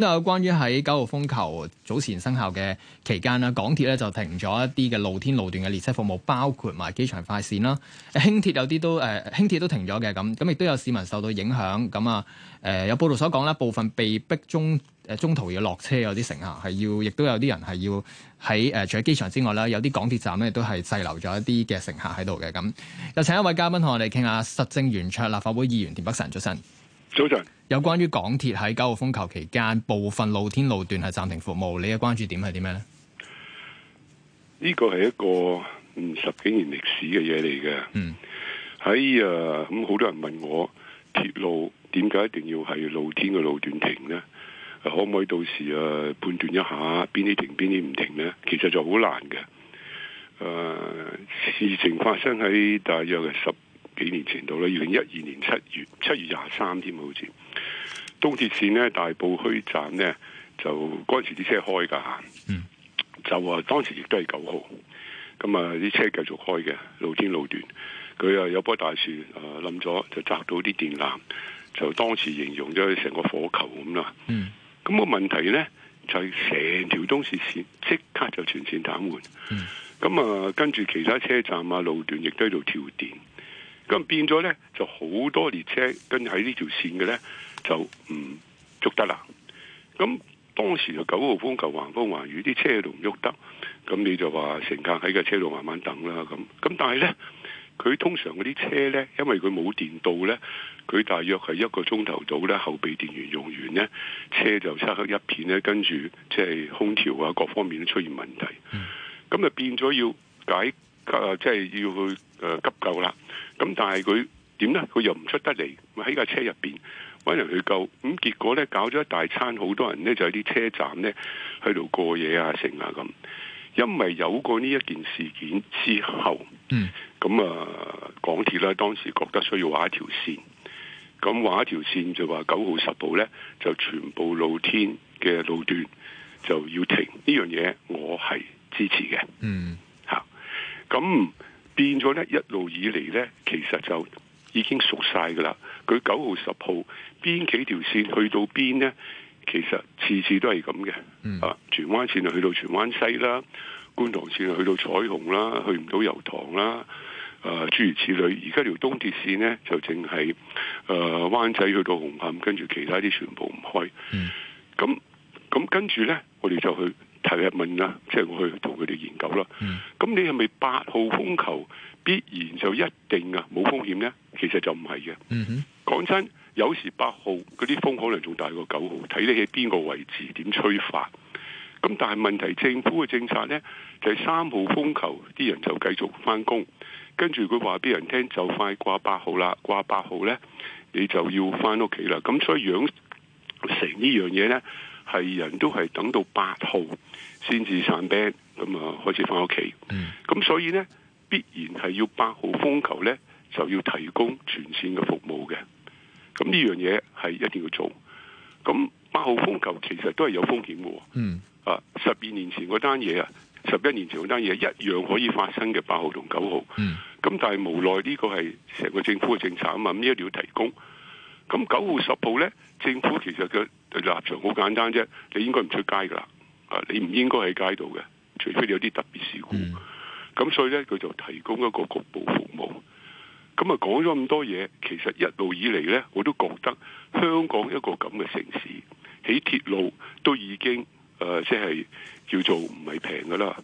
都有關於喺九號風球早前生效嘅期間啦，港鐵咧就停咗一啲嘅露天路段嘅列車服務，包括埋機場快線啦。輕鐵有啲都誒，輕鐵都停咗嘅咁，咁亦都有市民受到影響咁啊。誒、呃、有報道所講啦，部分被逼中誒中途要落車有啲乘客係要，亦都有啲人係要喺誒、呃、除咗機場之外啦，有啲港鐵站咧都係滯留咗一啲嘅乘客喺度嘅咁。有請一位嘉賓同我哋傾下，實政圓桌立法會議員田北辰早晨。早晨，有關於港鐵喺九號風球期間部分露天路段係暫停服務，你嘅關注點係點樣呢？呢個係一個五十幾年歷史嘅嘢嚟嘅。嗯，喺啊咁好多人問我，鐵路點解一定要係露天嘅路段停呢？可唔可以到時啊判斷一下邊啲停邊啲唔停呢？其實就好難嘅。誒、呃，事情發生喺大約十幾年前度啦，二零一二年七月七月廿三添，好似東鐵線咧大埔墟站咧就嗰陣時啲車開噶，嗯、就話當時亦都係九號，咁啊啲車繼續開嘅，露天路段佢啊有棵大樹啊冧咗就砸到啲電纜，就當時形容咗成個火球咁啦，咁、嗯、個問題咧就係成條東鐵線即刻就全線癱瘓，咁、嗯、啊跟住其他車站啊路段亦都喺度跳電。咁變咗咧，就好多列車跟住喺呢條線嘅咧，就唔喐得啦。咁當時就九號風球、橫風橫雨，啲車喺度唔喐得。咁你就話乘客喺架車度慢慢等啦。咁咁但係咧，佢通常嗰啲車咧，因為佢冇電到咧，佢大約係一個鐘頭到咧，後備電源用完咧，車就漆黑一片咧，跟住即係空調啊各方面都出現問題。咁啊變咗要解。即係要去誒急救啦，咁但係佢點呢？佢又唔出得嚟，喺架車入邊揾人去救，咁結果呢，搞咗一大餐，好多人呢，就喺啲車站呢，喺度過夜啊、成啊咁。因為有過呢一件事件之後，嗯，咁啊，港鐵咧當時覺得需要畫一條線，咁畫一條線就話九號十號呢，就全部露天嘅路段就要停，呢樣嘢我係支持嘅，嗯。咁變咗咧，一路以嚟咧，其實就已經熟晒噶啦。佢九號、十號邊幾條線去到邊咧？其實次次都係咁嘅。啊，荃灣線去到荃灣西啦，觀塘線去到彩虹啦，去唔到油塘啦。啊，諸如此類。而家條東鐵線咧，就淨係誒灣仔去到紅磡，跟住其他啲全部唔開。咁、嗯、咁跟住咧，我哋就去。提一問啦，即係我去同佢哋研究啦。咁、嗯、你係咪八號風球必然就一定啊冇風險呢？其實就唔係嘅。講、嗯、真，有時八號嗰啲風可能仲大過九號，睇你喺邊個位置點吹發。咁但係問題，政府嘅政策呢，就係三號風球，啲人就繼續翻工，跟住佢話俾人聽就快掛八號啦，掛八號呢，你就要翻屋企啦。咁所以養成呢樣嘢呢。係人都係等到八號先至散班，咁啊開始翻屋企。咁所以咧，必然係要八號風球咧，就要提供全線嘅服務嘅。咁呢樣嘢係一定要做。咁八號風球其實都係有風險嘅。嗯啊，十二年前嗰單嘢啊，十一年前嗰單嘢一樣可以發生嘅八號同九號。嗯。咁但係無奈，呢個係成個政府嘅政策啊嘛，呢一定要提供。咁九號十號咧，政府其實嘅。立場好簡單啫，你應該唔出街噶啦，啊，你唔應該喺街度嘅，除非你有啲特別事故。咁所以咧，佢就提供一個局部服務。咁啊，講咗咁多嘢，其實一路以嚟咧，我都覺得香港一個咁嘅城市，起鐵路都已經誒，即係叫做唔係平噶啦。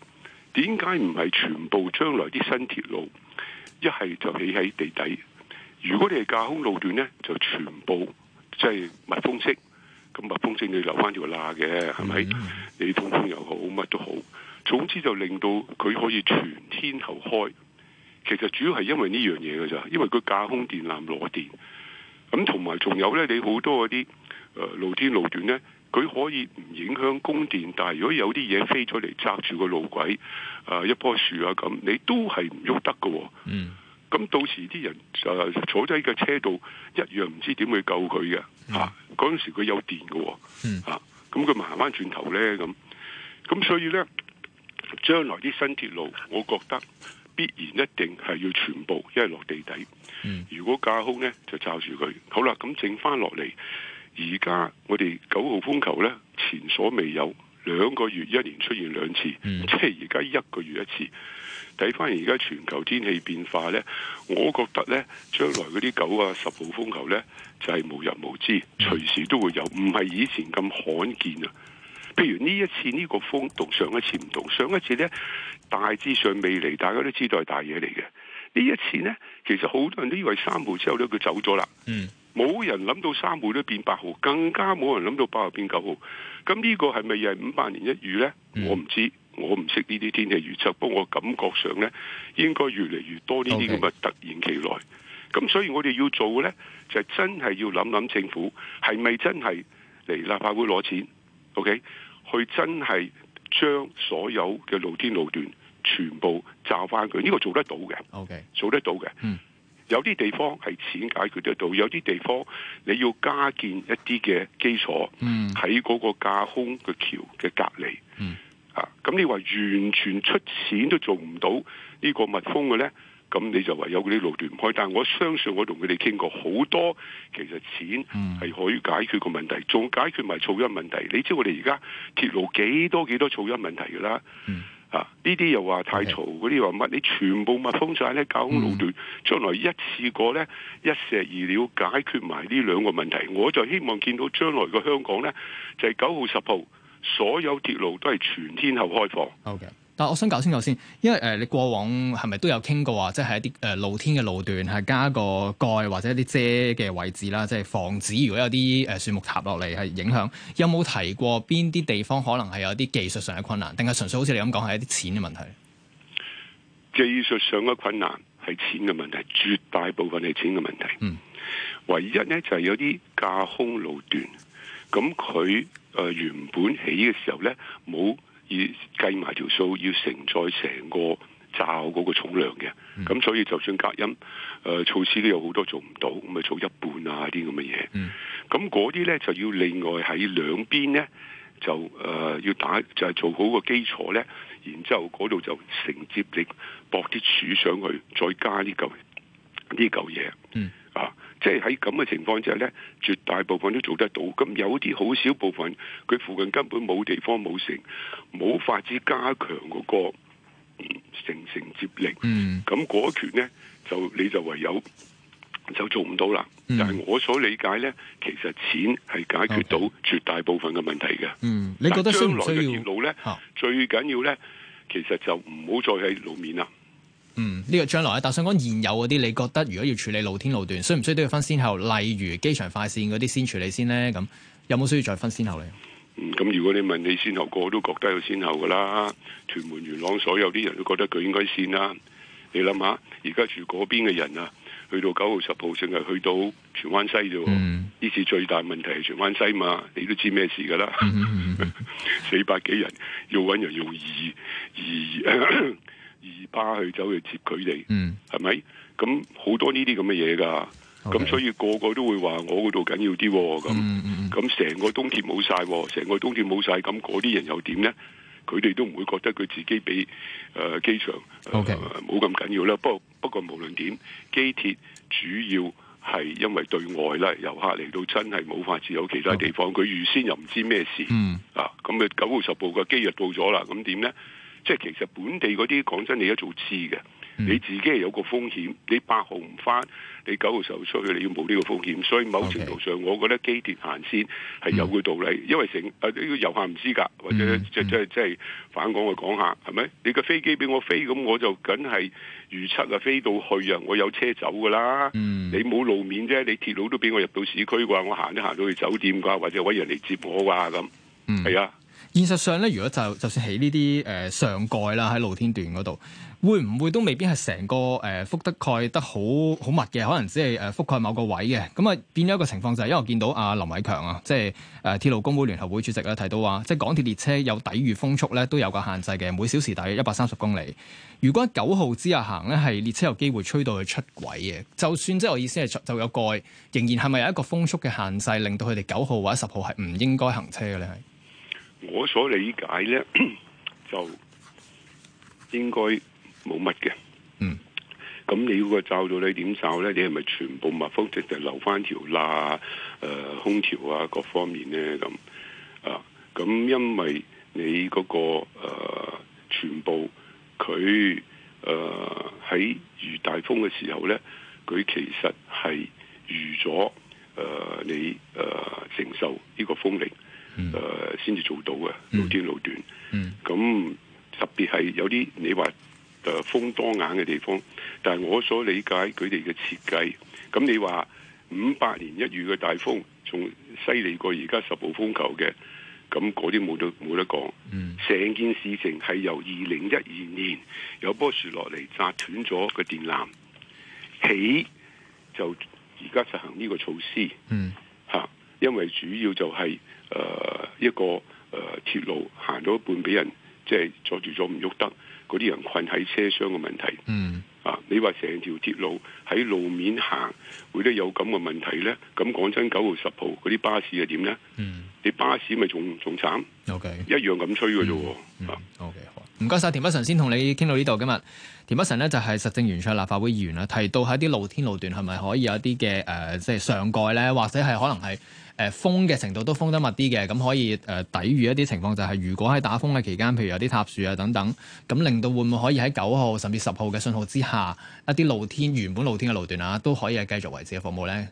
點解唔係全部將來啲新鐵路一係就起喺地底？如果你係架空路段咧，就全部即係密封式。咁啊，密封性，你留翻條罅嘅，係咪？Mm-hmm. 你通風又好，乜都好，總之就令到佢可以全天候開。其實主要係因為呢樣嘢噶咋，因為佢架空電纜攞電。咁同埋仲有咧，你好多嗰啲誒露天路段咧，佢可以唔影響供電，但係如果有啲嘢飛咗嚟，砸住個路軌啊、呃，一棵樹啊咁，你都係唔喐得噶。嗯、哦，咁、mm-hmm. 到時啲人就坐低架車度，一樣唔知點去救佢嘅。吓、mm. 啊，嗰陣時佢有電嘅，吓、啊，咁佢慢慢翻轉頭咧？咁，咁所以咧，將來啲新鐵路，我覺得必然一定係要全部一係落地底。如果架空咧，就罩住佢。好啦，咁剩翻落嚟，而家我哋九號風球咧，前所未有。兩個月一年出現兩次，嗯、即係而家一個月一次。睇翻而家全球天氣變化呢，我覺得呢將來嗰啲九啊十號風球呢，就係無日無之，隨時都會有，唔係以前咁罕見啊。譬如呢一次呢個風同上一次唔同，上一次呢，大致上未嚟，大家都知道係大嘢嚟嘅。呢一次呢，其實好多人都以為三號之後呢，佢走咗啦。嗯。冇人諗到三號都變八號，更加冇人諗到八號變九號。咁呢個係咪又係五百年一遇呢？嗯、我唔知，我唔識呢啲天氣預測。不過我感覺上呢，應該越嚟越多呢啲咁嘅突然其來。咁、okay. 所以我哋要做嘅咧，就係、真係要諗諗政府係咪真係嚟立法會攞錢？OK，去真係將所有嘅露天路段全部罩翻佢。呢、這個做得到嘅，OK，做得到嘅。嗯有啲地方係錢解決得到，有啲地方你要加建一啲嘅基礎，喺嗰個架空嘅橋嘅隔離。嗯、啊，咁你話完全出錢都做唔到呢個密封嘅咧？咁你就唯有嗰啲路段唔開，但係我相信我同佢哋傾過好多，其實錢係可以解決個問題，仲解決埋噪音問題。你知我哋而家鐵路幾多幾多噪音問題㗎啦？嗯呢啲又話太嘈，嗰啲話乜？你全部密封晒咧，架空路段將來一次過呢，一石二鳥解決埋呢兩個問題。我就希望見到將來嘅香港呢，就係九號十號所有鐵路都係全天候開放。Okay. 但我想搞清楚先，因為誒、呃、你過往係咪都有傾過話，即係一啲誒、呃、露天嘅路段，係加個蓋或者一啲遮嘅位置啦，即係防止如果有啲誒、呃、樹木塌落嚟係影響。有冇提過邊啲地方可能係有啲技術上嘅困難，定係純粹好似你咁講係一啲錢嘅問題？技術上嘅困難係錢嘅問題，絕大部分係錢嘅問題。嗯、唯一咧就係、是、有啲架空路段，咁佢誒原本起嘅時候咧冇，沒要計埋條數，要承載成個罩嗰個重量嘅，咁、嗯、所以就算隔音誒、呃、措施都有好多做唔到，咁咪做一半啊，啲咁嘅嘢，咁嗰啲咧就要另外喺兩邊咧就誒、呃、要打，就係、是、做好個基礎咧，然之後嗰度就承接力駁啲柱上去，再加呢嚿呢嚿嘢。即係喺咁嘅情況之下咧，絕大部分都做得到。咁有啲好少部分，佢附近根本冇地方冇城，冇法子加強嗰，那個城城、嗯、接力。咁、嗯、嗰一拳咧，就你就唯有就做唔到啦、嗯。但係我所理解咧，其實錢係解決到絕大部分嘅問題嘅。嗯，你覺得需唔需要？將來嘅鐵路呢啊、最緊要咧，其實就唔好再喺路面啦。嗯，呢、呢個將來咧，但想講現有嗰啲，你覺得如果要處理露天路段，需唔需要都要分先後？例如機場快線嗰啲先處理先呢？咁有冇需要再分先後咧？咁、嗯、如果你問你先後，個個都覺得有先後噶啦。屯門元朗所有啲人都覺得佢應該先啦。你諗下，而家住嗰邊嘅人啊，去到九號十號淨係去到荃灣西啫。呢、嗯、次最大問題係荃灣西嘛，你都知咩事噶啦？嗯嗯嗯嗯 四百幾人，人要揾人要二二。二巴去走去接佢哋，嗯，係咪？咁好多呢啲咁嘅嘢噶，咁、okay. 所以個個都會話我嗰度緊要啲，咁咁成個東鐵冇晒，成個東鐵冇晒，咁嗰啲人又點咧？佢哋都唔會覺得佢自己比誒機場、呃、冇咁緊要啦。不過不過無，無論點，機鐵主要係因為對外啦，遊客嚟到真係冇法子有其他地方，佢、okay. 預先又唔知咩事、嗯、啊。咁啊九號十號嘅機日到咗啦，咁點咧？即係其實本地嗰啲講真你，你而家做知嘅，你自己係有個風險。你八號唔返，你九號出去，你要冇呢個風險。所以某程度上，我覺得機鐵行先係有個道理，嗯、因為成啊啲遊客唔知㗎，或者、嗯、即係即係即係反港我講下，係咪？你個飛機俾我飛，咁我就緊係預測啊飛到去啊，我有車走噶啦、嗯。你冇路面啫，你鐵路都俾我入到市區啩，我行都行到去酒店啩，或者揾人嚟接我啩咁。係、嗯、啊。現實上咧，如果就就算起呢啲誒上蓋啦，喺露天段嗰度，會唔會都未必係成個誒覆得蓋得好好密嘅？可能只係誒覆蓋某個位嘅。咁啊，變咗一個情況就係，因為我見到阿、啊、林偉強啊，即係誒鐵路工會聯合會主席咧、啊，提到話、啊，即、就、係、是、港鐵列車有抵禦風速咧，都有個限制嘅，每小時大約一百三十公里。如果喺九號之下行咧，係列車有機會吹到佢出軌嘅。就算即係、就是、我意思係就有蓋，仍然係咪有一個風速嘅限制，令到佢哋九號或者十號係唔應該行車嘅咧？我所理解咧，就應該冇乜嘅。嗯，咁你個罩到你點罩咧？你係咪全部密封，直接留返條罅？誒、呃，空調啊，各方面咧咁啊。咁因為你嗰、那個誒、呃，全部佢誒喺遇大風嘅時候咧，佢其實係預咗誒你誒、呃、承受呢個風力。誒、mm. 呃，先至做到嘅露天路段，咁、mm. 特別係有啲你話誒、啊、風多眼嘅地方，但係我所理解佢哋嘅設計，咁你話五百年一遇嘅大風，仲犀利過而家十號風球嘅，咁嗰啲冇得冇得講。成、mm. 件事情係由二零一二年有棵樹落嚟砸斷咗個電纜，起就而家實行呢個措施，吓、mm. 啊。因為主要就係、是、誒、呃、一個誒鐵、呃、路行到一半俾人即係阻住咗唔喐得，嗰啲人困喺車廂嘅問題。嗯啊，你話成條鐵路喺路面行會都有咁嘅問題咧？咁講真，九號，號、十號嗰啲巴士係點咧？嗯，你巴士咪仲仲慘？O K，一樣咁吹嘅啫。嗯，嗯，O、okay, K，好。唔該晒，田北辰先同你傾到呢度今日。田北辰咧就係實政圓桌立法會議員啦，提到喺啲露天路段係咪可以有啲嘅、呃、即係上蓋咧，或者係可能係誒封嘅程度都封得密啲嘅，咁可以、呃、抵禦一啲情況，就係、是、如果喺打風嘅期間，譬如有啲塔樹啊等等，咁令到會唔會可以喺九號甚至十號嘅信號之下，一啲露天原本露天嘅路段啊，都可以繼續維持嘅服務咧？